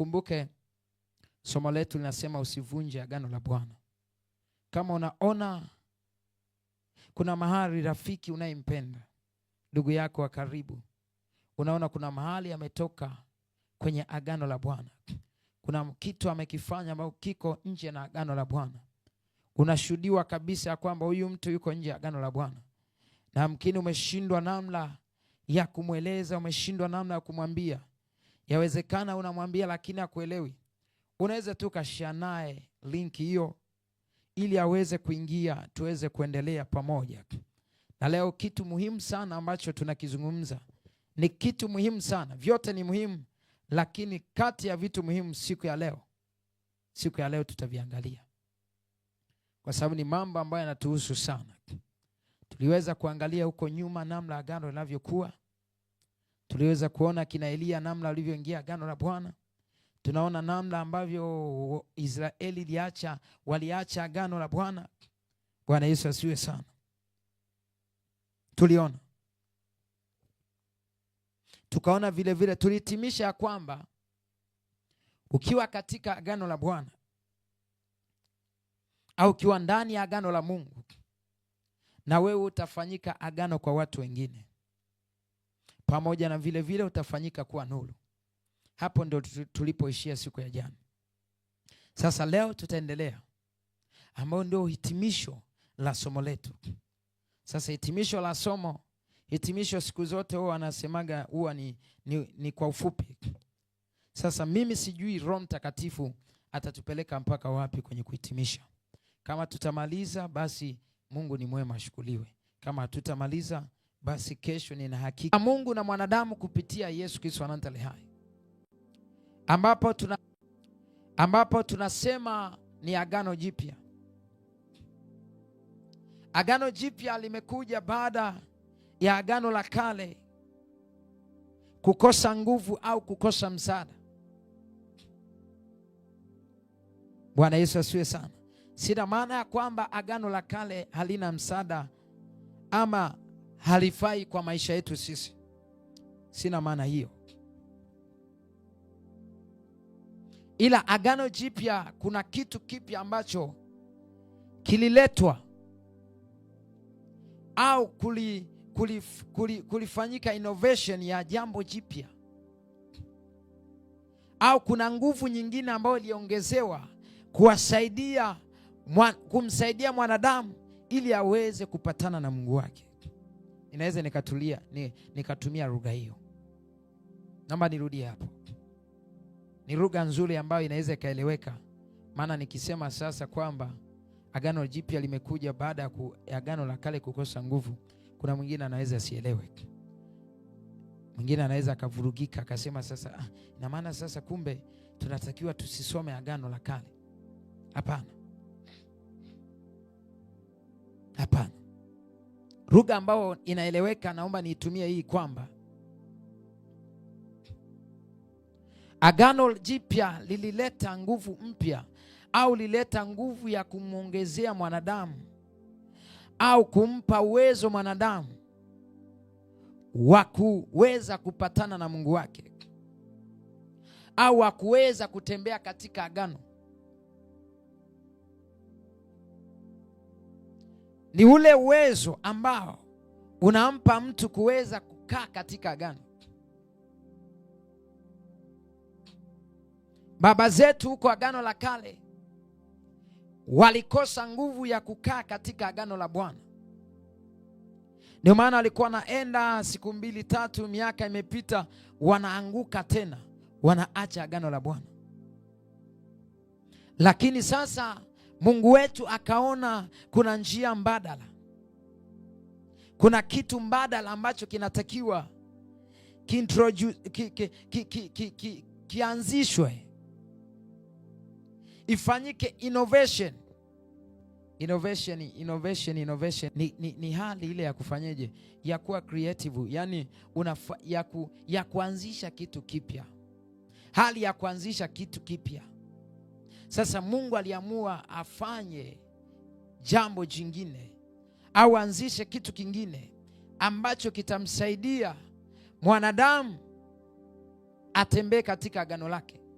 Ukumbuke somo letu linasema usivunje agano la Bwana. Kama unaona kuna mahali rafiki unayempenda, ndugu yako wa karibu, unaona kuna mahali ametoka kwenye agano la Bwana, kuna kitu amekifanya ambao kiko nje na agano la Bwana, unashuhudiwa kabisa ya kwamba huyu mtu yuko nje ya agano la Bwana, na mkini umeshindwa namna ya kumweleza, umeshindwa namna ya kumwambia Yawezekana unamwambia lakini akuelewi. Unaweza tu kashia naye linki hiyo ili aweze kuingia tuweze kuendelea pamoja. Na leo kitu muhimu sana ambacho tunakizungumza ni kitu muhimu sana, vyote ni muhimu, lakini kati ya vitu muhimu siku ya leo, siku ya leo tutaviangalia kwa sababu ni mambo ambayo yanatuhusu sana. Tuliweza kuangalia huko nyuma namna agano linavyokuwa Tuliweza kuona kina Elia namna walivyoingia agano la Bwana. Tunaona namna ambavyo Israeli liacha, waliacha agano la Bwana. Bwana Yesu asiwe sana. Tuliona tukaona vile vile, tulihitimisha ya kwamba ukiwa katika agano la Bwana au ukiwa ndani ya agano la Mungu, na wewe utafanyika agano kwa watu wengine pamoja na vile vile utafanyika kuwa nuru. Hapo ndo tulipoishia siku ya jana. Sasa leo tutaendelea, ambayo ndio hitimisho la somo letu. Sasa hitimisho la somo, hitimisho siku zote huwa anasemaga huwa ni, ni, ni kwa ufupi. Sasa mimi sijui Roho Mtakatifu atatupeleka mpaka wapi kwenye kuhitimisha. Kama tutamaliza basi Mungu ni mwema, ashukuriwe. Kama hatutamaliza basi kesho nina hakika Mungu na mwanadamu kupitia Yesu Kristo anantali hai, ambapo tuna ambapo tunasema ni agano jipya. Agano jipya limekuja baada ya agano la kale kukosa nguvu au kukosa msaada. Bwana Yesu asiwe sana. Sina maana ya kwamba agano la kale halina msaada ama halifai kwa maisha yetu sisi, sina maana hiyo, ila agano jipya, kuna kitu kipya ambacho kililetwa au kuli, kuli, kuli, kulifanyika innovation ya jambo jipya au kuna nguvu nyingine ambayo iliongezewa kuwasaidia kumsaidia mwanadamu ili aweze kupatana na Mungu wake inaweza nikatulia ni, nikatumia lugha hiyo. Naomba nirudi hapo. Ni lugha nzuri ambayo inaweza ikaeleweka, maana nikisema sasa kwamba agano jipya limekuja baada ya agano la kale kukosa nguvu, kuna mwingine anaweza asielewe, mwingine anaweza akavurugika akasema sasa, ah, na maana sasa kumbe tunatakiwa tusisome agano la kale. Hapana, hapana lugha ambayo inaeleweka, naomba niitumie hii kwamba Agano Jipya lilileta nguvu mpya au lilileta nguvu ya kumwongezea mwanadamu au kumpa uwezo mwanadamu wa kuweza kupatana na Mungu wake au wa kuweza kutembea katika agano. ni ule uwezo ambao unampa mtu kuweza kukaa katika agano. Baba zetu huko agano la kale walikosa nguvu ya kukaa katika agano la Bwana. Ndio maana walikuwa naenda siku mbili tatu, miaka imepita, wanaanguka tena, wanaacha agano la Bwana. Lakini sasa Mungu wetu akaona kuna njia mbadala, kuna kitu mbadala ambacho kinatakiwa kianzishwe ki, ki, ki, ki, ki, ki ifanyike innovation. Innovation, innovation, innovation. Ni, ni, ni hali ile ya kufanyeje ya kuwa creative, yani unafa, ya, ku, ya kuanzisha kitu kipya, hali ya kuanzisha kitu kipya. Sasa Mungu aliamua afanye jambo jingine au anzishe kitu kingine ambacho kitamsaidia mwanadamu atembee katika agano lake.